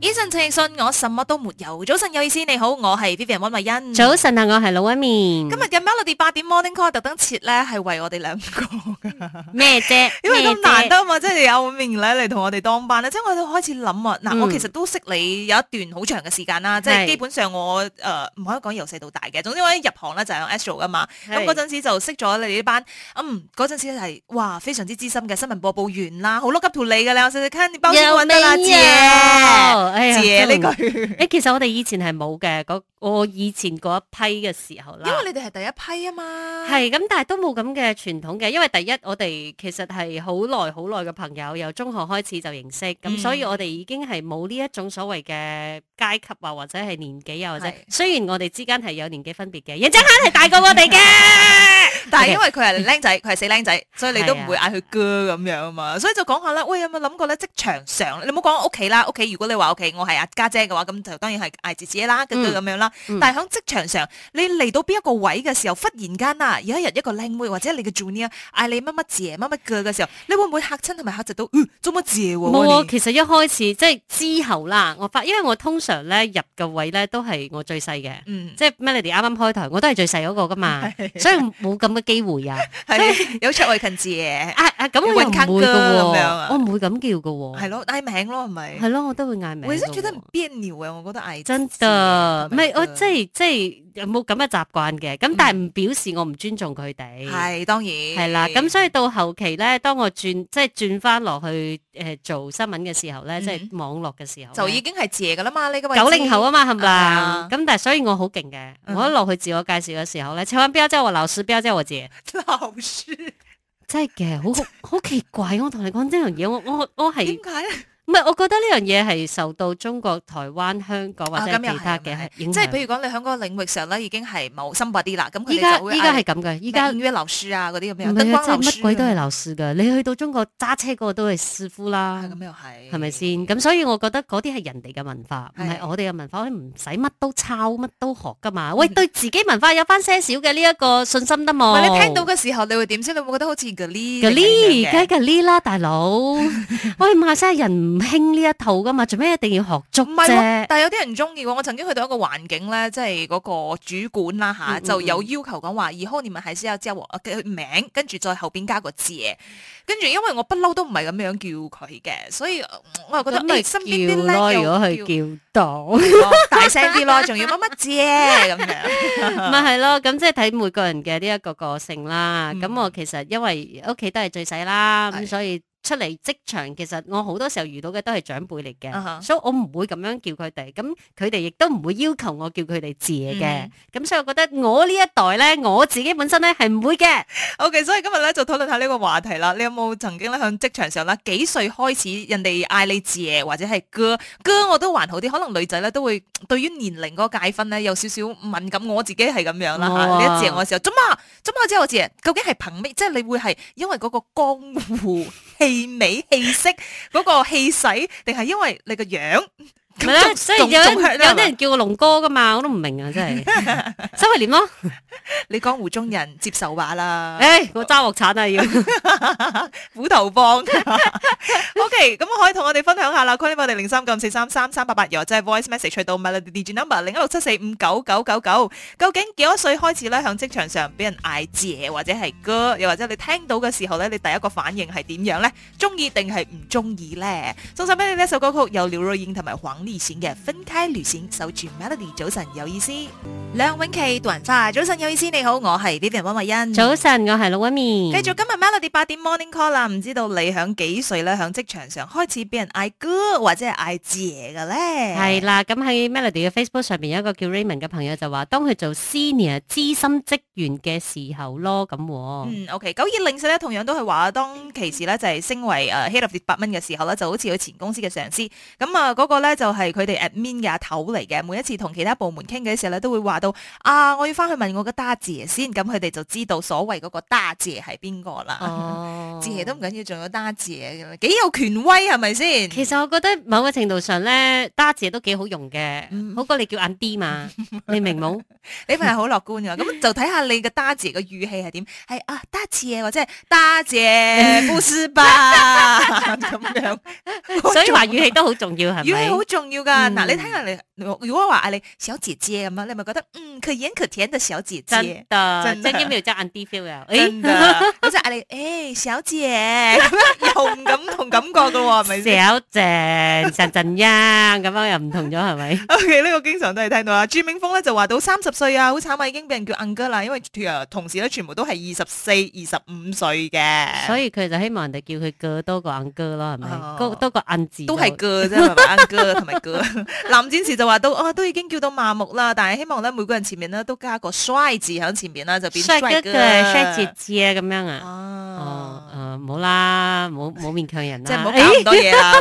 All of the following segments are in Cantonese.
以信請以信，我什麼都沒有。早晨有意思，你好，我係 Vivian 溫慧欣。早晨啊，我係老一面。今日嘅 Melody 八點 Morning Call 特登設咧係為我哋兩個噶。咩啫？因為咁難得嘛，即、就、係、是、有面咧嚟同我哋當班咧，即、就、係、是、我哋開始諗啊。嗱，我其實都識你有一段好長嘅時間啦，即係基本上我誒唔、呃、可以講由細到大嘅。總之我一入行咧就係 Astro 啊嘛，咁嗰陣時就識咗你哋班。嗯，嗰陣時係哇非常之資深嘅新聞播報，報員啦，好 look up to 你嘅，你我細細睇，你，細細你包錢搵得啦，有嘢呢句？誒，其實我哋以前係冇嘅，我以前嗰一批嘅時候啦。因為你哋係第一批啊嘛。係咁，但係都冇咁嘅傳統嘅，因為第一我哋其實係好耐好耐嘅朋友，由中學開始就認識，咁、嗯、所以我哋已經係冇呢一種所謂嘅階級啊，或者係年紀啊，或者是雖然我哋之間係有年紀分別嘅，葉振亨係大過我哋嘅。 但係因為佢係靚仔，佢係死靚仔，所以你都唔會嗌佢哥咁樣啊嘛，所以就講下啦。喂，有冇諗過咧？職場上你冇講屋企啦，屋企如果你話屋企我係阿家姐嘅話，咁就當然係嗌姐姐啦，咁樣咁樣啦。但係喺職場上，你嚟、嗯、到邊一個位嘅時候，忽然間啊，有一日一個靚妹或者你嘅助理嗌你乜乜姐乜乜哥嘅時候，你會唔會嚇親同埋嚇窒到？做乜、呃、姐冇啊，其實一開始即係、就是、之後啦，我發，因為我通常咧入嘅位咧都係我最細嘅，即係、嗯、Melody 啱啱開台，我都係最細嗰個噶嘛， 所以冇咁。咁嘅機會啊，即係有出外勤字嘅？啊啊！咁、啊、我唔會嘅喎、啊，我唔會咁叫嘅喎，係咯，嗌名咯，係咪？係咯，我都會嗌名、啊。我覺得很別扭嘅、啊，我覺得嗌真㗎，唔係我即係即係。有冇咁嘅習慣嘅？咁但係唔表示我唔尊重佢哋。係、嗯、當然。係啦，咁所以到後期咧，當我轉即係轉翻落去誒做新聞嘅時候咧，即係網絡嘅時候，嗯、時候就已經係姐噶啦嘛，你嘅位。九零後啊嘛，係咪啊？咁、嗯嗯、但係所以我好勁嘅，我一落去自我介紹嘅時候咧，請勿不要叫我老師，不要叫我姐。老師。真係嘅，好好奇怪， 我同你講呢樣嘢，我我我係點解？何 唔係，我覺得呢樣嘢係受到中國、台灣、香港或者其他嘅影響，即係譬如講你喺嗰個領域上咧已經係冇深化啲啦。咁依家依家係咁嘅，依家咩流蘇啊嗰啲咁樣，乜乜鬼都係流蘇㗎。你去到中國揸車個都係師傅啦。係咁又係，係咪先？咁所以我覺得嗰啲係人哋嘅文化，唔係我哋嘅文化，我哋唔使乜都抄，乜都學㗎嘛。喂，對自己文化有翻些少嘅呢一個信心得冇？唔你聽到嘅時候，你會點先？你會覺得好似嗰啲嗰啲而家嗰啲啦，大佬，喂，馬西人。興呢一套噶嘛，做咩一定要學足啫、啊？但係有啲人中意喎，我曾經去到一個環境咧，即係嗰個主管啦、啊、吓，嗯嗯就有要求講話以康你咪係之後之後嘅名，跟住再後邊加個字，跟住因為我不嬲都唔係咁樣叫佢嘅，所以我又覺得誒，身邊啲如果佢叫到、 哦、大聲啲咯，仲要乜乜字咁樣，咪係咯，咁即係睇每個人嘅呢一個個性啦。咁、嗯、我其實因為屋企都係最細啦，咁的所以。出嚟職場，其實我好多時候遇到嘅都係長輩嚟嘅，uh huh。所以我唔會咁樣叫佢哋。咁佢哋亦都唔會要求我叫佢哋姐嘅。咁、嗯、所以我覺得我呢一代咧，我自己本身咧係唔會嘅。O、okay, K，所以今日咧就討論下呢個話題啦。你有冇曾經咧喺職場上啦幾歲開始人哋嗌你姐，或者係哥哥我都還好啲，可能女仔咧都會對於年齡嗰個界分咧有少少敏感。我自己係咁樣啦吓、oh。啊，你一姐我嘅時候，做乜做乜即係我姐？究竟係憑咩？即係你會係因為嗰個江湖氣 味美氣息，嗰個氣勢，定係因為你個樣。咪啦，所以有是有啲人叫我龍哥噶嘛，我都唔明啊，真係收埋臉咯， 年 你江湖中人接受話啦，唉、哎，揸鑊鏟啊要 虎頭幫棒 ，OK，咁、嗯、可以同我哋分享下啦，歡迎我哋零三九四三三三八八，又 或者係 voice message 渠道，咪啦，DJ number 零一六七四五九九九九，究竟幾多歲開始咧響職場上俾人嗌姐，或者係哥，又或者你聽到嘅時候咧，你第一個反應係點樣咧？中意定係唔中意咧？送晒俾你呢一首歌曲，有廖瑞英同埋異線嘅分開旅行，守住 Melody，早晨有意思。梁永琪、杜雲花，早晨有意思，你好，我係呢邊温慧欣。早晨，我係老 ummy。繼續今日 Melody 八點 morning call 啦，唔知道你響幾歲咧？響職場上開始俾人嗌哥或者係嗌姐嘅咧？係啦，咁喺 Melody 嘅 Facebook 上邊有一個叫 Raymond 嘅朋友就話，當佢做 senior 資深職員嘅時候咯，咁嗯，OK，九二零四咧同樣都係話當其時咧就係升為誒 head of 部門嘅時候咧，就好似佢前公司嘅上司咁啊，嗰個咧就係佢哋 admin 嘅阿頭嚟嘅，每一次同其他部門傾嘅時候咧都會話。到啊！我要翻去問我個 Da 姐先，咁佢哋就知道所謂嗰個 Da 姐係邊個啦。哦、姐都唔緊要緊，仲有 Da 姐，咁幾有權威係咪先？是是其實我覺得某個程度上咧，Da 姐都幾好用嘅。嗯、好過你叫 Andy 嘛。 你明冇？你份係好樂觀嘅，咁 就睇下你個 Da 姐嘅語氣係點。係啊，Da 姐或者 Da 姐，不是吧？咁樣，所以話語氣都好重要係咪？語氣好重要噶。嗱，你睇下你如果話啊，你小姐姐咁啊，你咪覺得？嗯，可鹽可甜的小姐姐，真真真一秒叫 auntie feel 啊，哎，我就嗌你，哎，小姐，又唔同同感覺噶喎，係咪？小姐陳陳茵，咁樣又唔同咗，係咪？OK，呢個經常都係聽到啊。朱明峰咧就話到三十歲啊，好慘啊，已經俾人叫 uncle 啦，因為同時咧全部都係二十四、二十五歲嘅，所以佢就希望人哋叫佢哥多過 uncle 咯，係咪？哥多過銀字，都係哥啫，唔係 uncle 同埋哥。林展慈就話到哦，都已經叫到麻木啦，但係希望咧。每個人前面咧都加個帥字喺前面啦，就變帥哥、帥姐姐咁樣啊。哦，誒，唔好啦，唔好、唔好勉強人啦，即係唔好搞咁多嘢啦。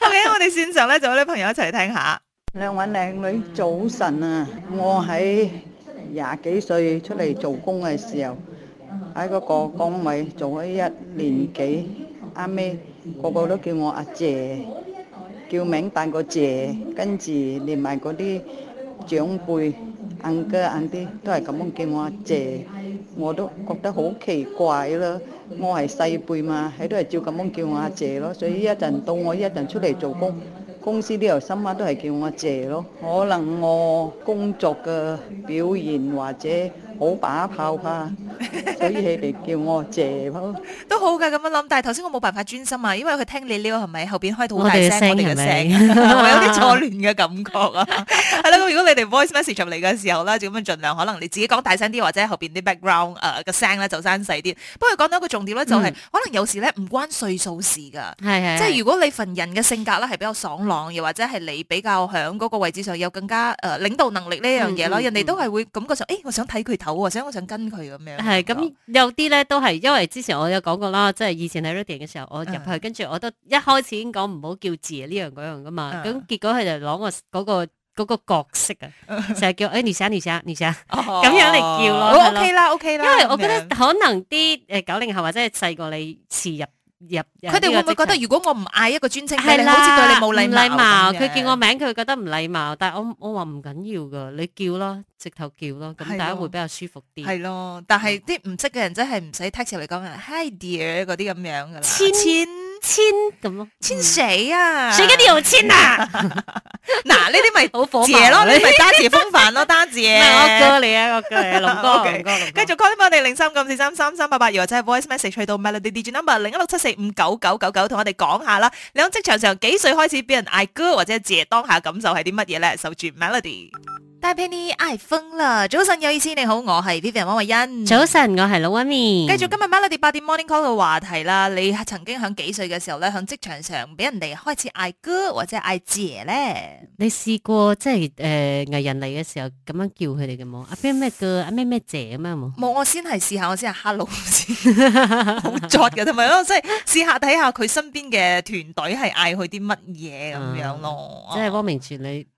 OK，我哋線上咧就啲朋友一齊嚟聽下。兩位靚女，早晨啊！我喺廿幾歲出嚟做工嘅時候，喺嗰個崗位做咗一年幾，啱啱個個都叫我阿姐，叫名帶個姐，跟住連埋嗰啲。長輩、阿哥、硬啲，都係咁樣叫我阿姐，我都覺得好奇怪咯。我係細輩嘛，喺度係照咁樣叫我阿姐咯。所以一陣到我一陣出嚟做工，公司啲又新媽都係叫我阿姐咯。可能我工作嘅表現或者。好把炮啊，所以你哋叫我姐咯，都好嘅咁樣諗。但係頭先我冇辦法專心啊，因為佢聽你呢個係咪？後邊開到好大聲，我哋嘅聲係咪 有啲錯亂嘅感覺啊？係啦，咁如果你哋 voice message 入嚟嘅時候咧，就咁樣儘量可能你自己講大聲啲，或者後邊啲 background 誒、呃、嘅聲咧就閂細啲。不過講到一個重點咧、就是，就係、嗯、可能有時咧唔關歲數事㗎，嗯、即係如果你份人嘅性格咧係比較爽朗，又或者係你比較喺嗰個位置上有更加誒領導能力呢、嗯嗯嗯、樣嘢咯，人哋都係會感覺上，誒，我想睇佢。頭或者我想跟佢咁樣，係咁有啲咧都係因為之前我有講過啦，即係以前喺 Rudian 嘅時候，我入去、嗯、跟住我都一開始已經講唔好叫字呢樣嗰樣噶嘛，咁、嗯、結果佢就攞我嗰、嗰個、嗰個角色啊，成日 叫誒女仔女仔女仔，咁、哎哦、樣嚟叫咯，OK 啦 OK 啦，okay 啦，因為我覺得可能啲誒、嗯呃、九零後或者係細過你遲入。入佢哋會唔會覺得如果我唔嗌一個尊稱？係啦，好似對你冇禮貌。佢叫我名，佢覺得唔禮貌。但係我我話唔緊要噶，你叫咯，直頭叫咯，咁大家會比較舒服啲。係咯，但係啲唔識嘅人真係唔使 text 嚟講 hi dear 嗰啲咁樣噶啦。千。千千，咁咯，千誰啊？誰跟住我千啊？嗱，呢啲咪好火姐咯？呢咪單字風範咯，單字。唔係我哥你啊，我哥龍哥，龍哥。繼續 call 翻我哋零三九五四三三三八八，或者係 voice message 去到 Melody Digi number 零一六七四五九九九九，同我哋講下啦。你喺職場上幾歲開始俾人嗌哥，或者姐？當下感受係啲乜嘢咧？守住 Melody。iPhone 啦，早晨有意思，你好，我係 Vivian 汪慧欣。早晨，我係老 u m i。繼續今日 Melody 八點 Morning Call 嘅話題啦。你曾經響幾歲嘅時候咧，響職場上俾人哋開始嗌哥或者嗌姐咧？你試過即係誒藝人嚟嘅時候咁樣叫佢哋嘅冇？阿邊咩哥？阿咩咩姐咁樣冇？冇，我先係試下，我先係 hello 先， 好作嘅同埋咯，即係試下睇下佢身邊嘅團隊係嗌佢啲乜嘢咁樣咯。即係汪明荃你。嗯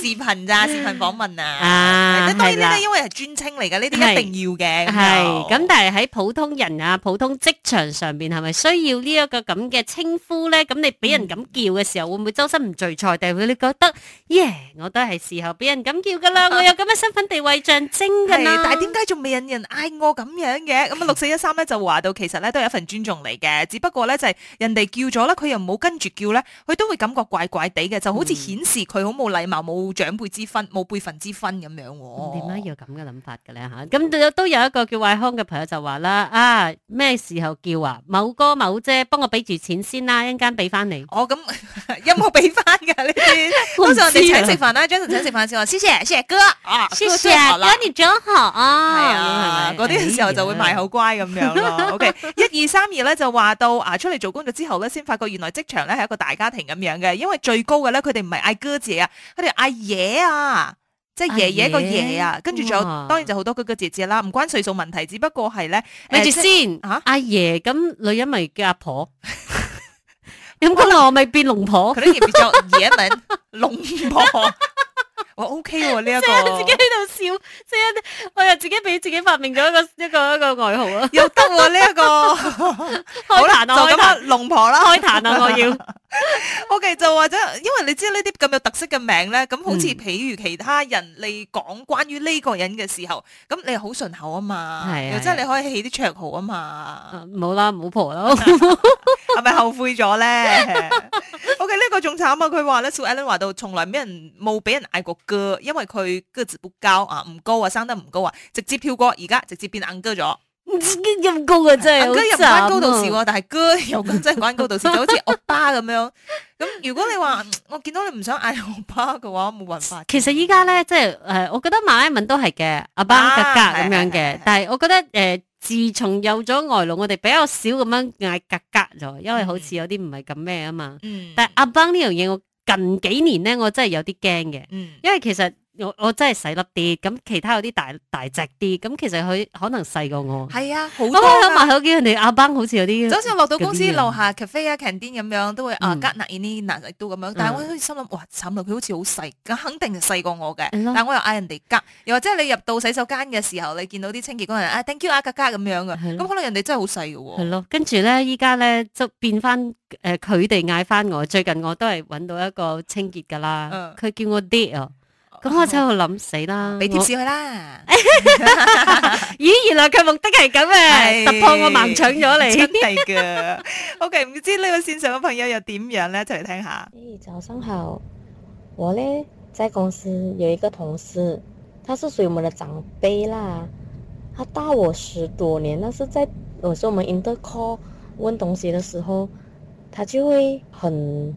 視頻咋視頻訪問啊？係啦、啊，即係因為係尊稱嚟嘅，呢啲一定要嘅。係咁是就，但係喺普通人啊、普通職場上邊，係咪需要這這呢一個咁嘅稱呼咧？咁你俾人咁叫嘅時候，嗯、會唔會周身唔聚財？定會，會你覺得，耶、嗯，yeah, 我都係時候俾人咁叫噶啦，啊、我有咁嘅身份地位象徵噶啦。但係點解仲未有人嗌我咁樣嘅？咁啊，六四一三咧就話到，其實咧都係一份尊重嚟嘅，只不過咧就係人哋叫咗咧，佢又冇跟住叫咧，佢都會感覺怪怪地嘅，就好似顯示佢好冇禮貌、冇、嗯。冇長輩之分，冇輩份之分咁、嗯、樣喎。點解要有咁嘅諗法嘅咧嚇？咁都有一個叫外康嘅朋友就話啦：啊，咩時候叫啊？某哥某姐，幫我俾住錢先啦，一陣間俾翻你。哦、oh, 這，咁有冇俾翻㗎呢啲？多謝我哋請食飯啦，張晨學請食飯先話：師姐，師姐哥，啊，師姐哥你，你、啊、真哇好、 嗯、okay, 啊！係啊，嗰啲時候就會賣好乖咁樣咯。OK，一二三二咧就話到啊，出嚟做工作之後咧，先發覺原來職場咧係一個大家庭咁樣嘅，因為最高嘅咧佢哋唔係嗌哥姐啊，佢哋嗌。爺啊，即係爺爺個爺啊，跟住仲有，當然就好多哥哥姐姐啦，唔關歲數問題，只不過係咧，你住先吓，阿爺咁女人咪叫阿婆，咁可能我咪變龍婆，佢都變作爺名龍婆，婆。我 OK 喎呢一個，自己喺度笑，即係我又自己俾自己發明咗一個一個一個外號啊，又得喎呢一個，好難啊，就咁龍婆啦，開壇啊，我要。O、okay, K 就或者，因為你知道呢啲咁有特色嘅名咧，咁好似譬如其他人你講關於呢個人嘅時候，咁你好順口啊嘛，係啊的，即係你可以起啲綽號啊嘛。冇、啊、啦，好婆啦，係 咪 後悔咗咧？O K 呢 okay, 個仲慘啊，佢話咧，小 Allen 話到從來俾人冇俾人嗌過哥，因為佢個子不高，啊，唔高啊，生得唔高啊，直接跳過，而家直接變硬哥咗。唔知陰公啊，真係，阿哥入高度市喎，但係哥又真係翻高度市，就好似歐巴咁樣。咁如果你話我見到你唔想嗌歐巴嘅話，冇辦法。其實依家咧，即係誒，我覺得馬來文都係嘅，阿邦格格咁樣嘅。但係我覺得誒，自從有咗外勞，我哋比較少咁樣嗌格格咗，因為好似有啲唔係咁咩啊嘛。但係阿邦呢樣嘢，我近幾年咧，我真係有啲驚嘅。因為其實。我我真係細粒啲，咁其他有啲大大隻啲，咁其實佢可能細過我。係啊，好多開口埋口叫，人哋阿班好似有啲。就早上落到公司樓下 cafe 啊 canteen 咁樣都會阿吉拿熱呢拿亦都咁樣，但係我好似心諗哇慘啊，佢好似好細，咁肯定細過我嘅。但係我又嗌人哋吉，又或者你入到洗手間嘅時候，你見到啲清潔工人啊，thank you 阿格格咁樣噶。係。咁可能人哋真係好細嘅喎。係咯。跟住咧，依家咧就變翻誒佢哋嗌翻我，最近我都係揾到一個清潔噶啦，佢叫我爹。啊。咁、嗯、我真係諗死啦了，俾貼士佢啦。咦， 原來佢目的係咁啊！突破、哎、我盲搶咗嚟， 真係噶。OK，唔知呢位線上嘅朋友又點樣呢？一齊聽下。Hey, 早上好，我呢在公司有一個同事，他是屬於我們的長輩啦。他大我十多年，那是在我說我們 intercall 問東西的時候，他就會很。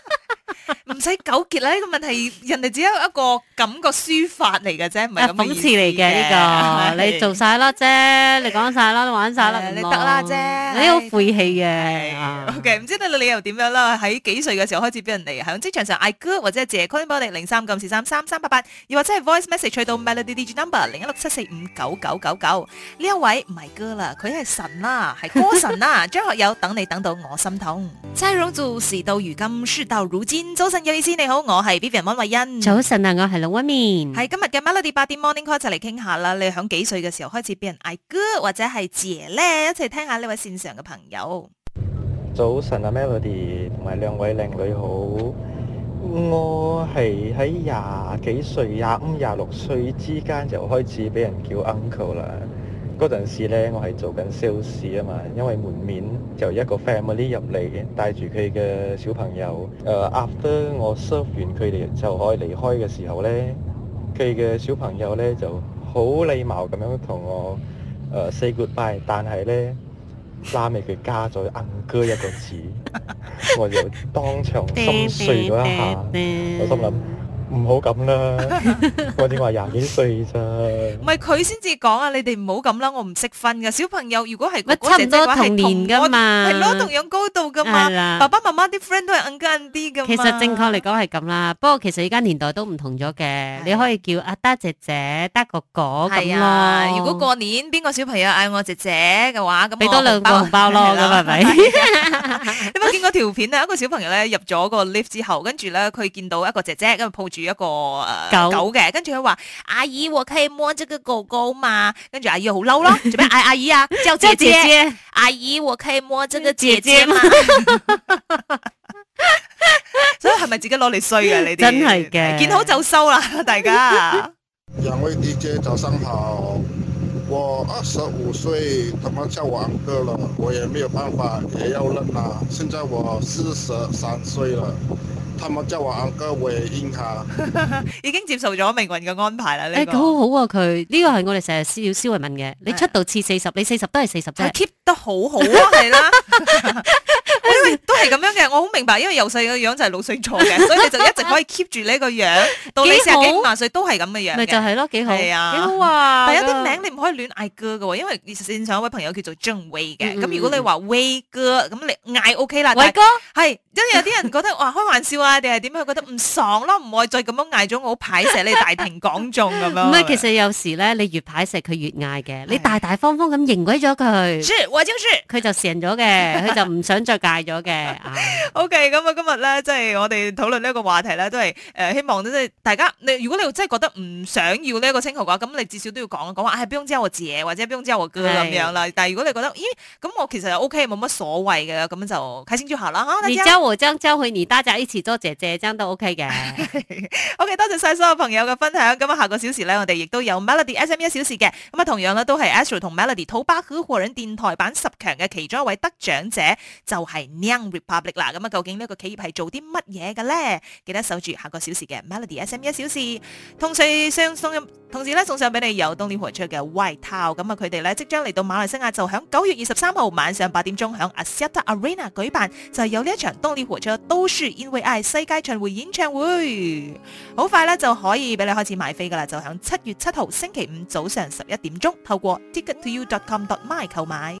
唔使糾結啦！呢、這個問題，人哋只有一個感覺抒發嚟嘅啫，唔係咁。誒、啊，諷刺嚟嘅呢個， 你做晒啦啫，你講晒啦，你玩晒啦，你得啦啫，你好晦氣嘅。對 OK，唔知道你理由點樣啦？喺幾歲嘅時候開始俾人哋喺職場上嗌哥，或者借 call number 零三九四三三三八八，又或者係 voice message 取到 melody number 零一六七四五九九九九呢一位唔係哥啦，佢係神啦，係歌神啊！張學友等你等到我心痛。再講做事到如今，事到如今，早有意思，你好，我係 Vivian 温慧欣。早晨啊，我係 Lumian，喺今日嘅 Melody 八點 Morning Call 一齊嚟傾下啦。你響幾歲嘅時候開始俾人嗌哥或者係姐咧？一齊聽一下呢位線上嘅朋友。早晨啊，Melody 同埋兩位靚女好。我係喺廿幾歲、廿五、廿六歲之間就開始俾人叫 uncle 啦。嗰陣時咧，我係做緊 sales 啊嘛，因為門面就一個 family 入嚟，帶住佢嘅小朋友。誒、uh, after 我 serve 完佢哋就可以離開嘅時候呢，佢嘅小朋友呢就好禮貌咁樣同我、uh, say goodbye，但係呢，拉尾佢加咗阿哥一個字， 我就當場心碎咗一下，我心諗。唔好咁啦，我點話廿幾歲咋？唔係佢先至講啊，你哋唔好咁啦，我唔識分噶。小朋友如果係嗰啲，差唔多同年噶嘛，係攞同樣高度噶嘛。了爸爸媽媽啲 friend 都係 uncle uncle 啲噶。其實正確嚟講係咁啦，不過其實依家年代都唔同咗嘅。對你可以叫阿得姐姐、得哥哥咁咯、啊。如果過年邊個小朋友嗌我姐姐嘅話，咁我俾多兩包紅包咯，咁係咪？你冇見過條片啊？一個小朋友咧，入咗個 lift 之後，跟住咧佢見到一個姐姐咁啊抱住。一個誒、呃、狗嘅，跟住佢話，阿姨我可以摸這個狗狗嘛？跟住阿姨好嬲咯，做咩嗌阿姨啊？叫姐姐，姐姐姐，阿姨我可以摸這個姐姐嘛，所以係咪自己攞嚟衰啊？ 你哋們？真係嘅，見好就收啦，大家。兩位 DJ 早上好，我二十五歲，他們叫王哥了，我也沒有辦法，也要認啦，現在我四十三歲了。咁即係話阿哥會應下，已經接受咗命運嘅安排啦。你好好啊，佢呢個係我哋成日要消問問嘅。你出道次四十，你四十都係四十啫，keep 得好好啊，係啦。因為都係咁樣嘅，我好明白，因為由細個樣就係老水狀嘅，所以你就一直可以 keep 住呢個樣，到你四十幾五十歲都係咁嘅樣。咪就係咯，幾好，係啊，幾好啊。但有啲名你唔可以亂嗌哥嘅，因為線上有位朋友叫做張威嘅，咁如果你話威哥，咁你嗌 OK 啦，威哥係。因為 有啲人覺得哇開玩笑啊，定係點啊？覺得唔爽咯，唔會再咁樣嗌，咗我排斥你大庭廣眾咁樣。唔係 嗎，其實有時咧，你越排斥佢越嗌嘅，唉你大大方方咁認鬼咗佢。輸我先、就、輸、是，佢就成咗嘅，佢就唔想再戒咗嘅。 啊、OK，咁、嗯、啊今日咧，即、就、係、是、我哋討論呢一個話題咧，都係誒、呃、希望即係大家你如果你真係覺得唔想要呢一個稱號嘅話，咁你至少都要講講話，哎，不用叫我姐或者不用叫我哥咁樣啦。的但係如果你覺得咦咁我其實又 OK，冇乜所謂嘅，咁就開聲住下啦。啊和將周回你，大家一起多姐姐，這都 OK 嘅。OK，多謝晒所有朋友嘅分享。咁啊，下個小時咧，我哋亦都有 Melody SM 一小時嘅。咁啊，同樣咧都係 Astro 同 Melody 土巴兔華人電台版十強嘅其中一位得獎者，就係、是、Young Republic 啦。咁啊，究竟呢個企業係做啲乜嘢嘅咧？記得守住下個小時嘅 Melody SM 一小時。同時送送，同時咧送上俾你有冬天播出嘅 Whiteout。咁啊，佢哋咧即將嚟到馬來西亞，就響九月二十三號晚上八點鐘響 Axiata Arena 舉辦，就係有呢一場冬。呢列火車都是因為 I 世界巡迴演唱會，好快咧就可以俾你開始買飛噶啦，就響七月七號星期五早上十一點鐘，透過 ticket2u.com.my 購買。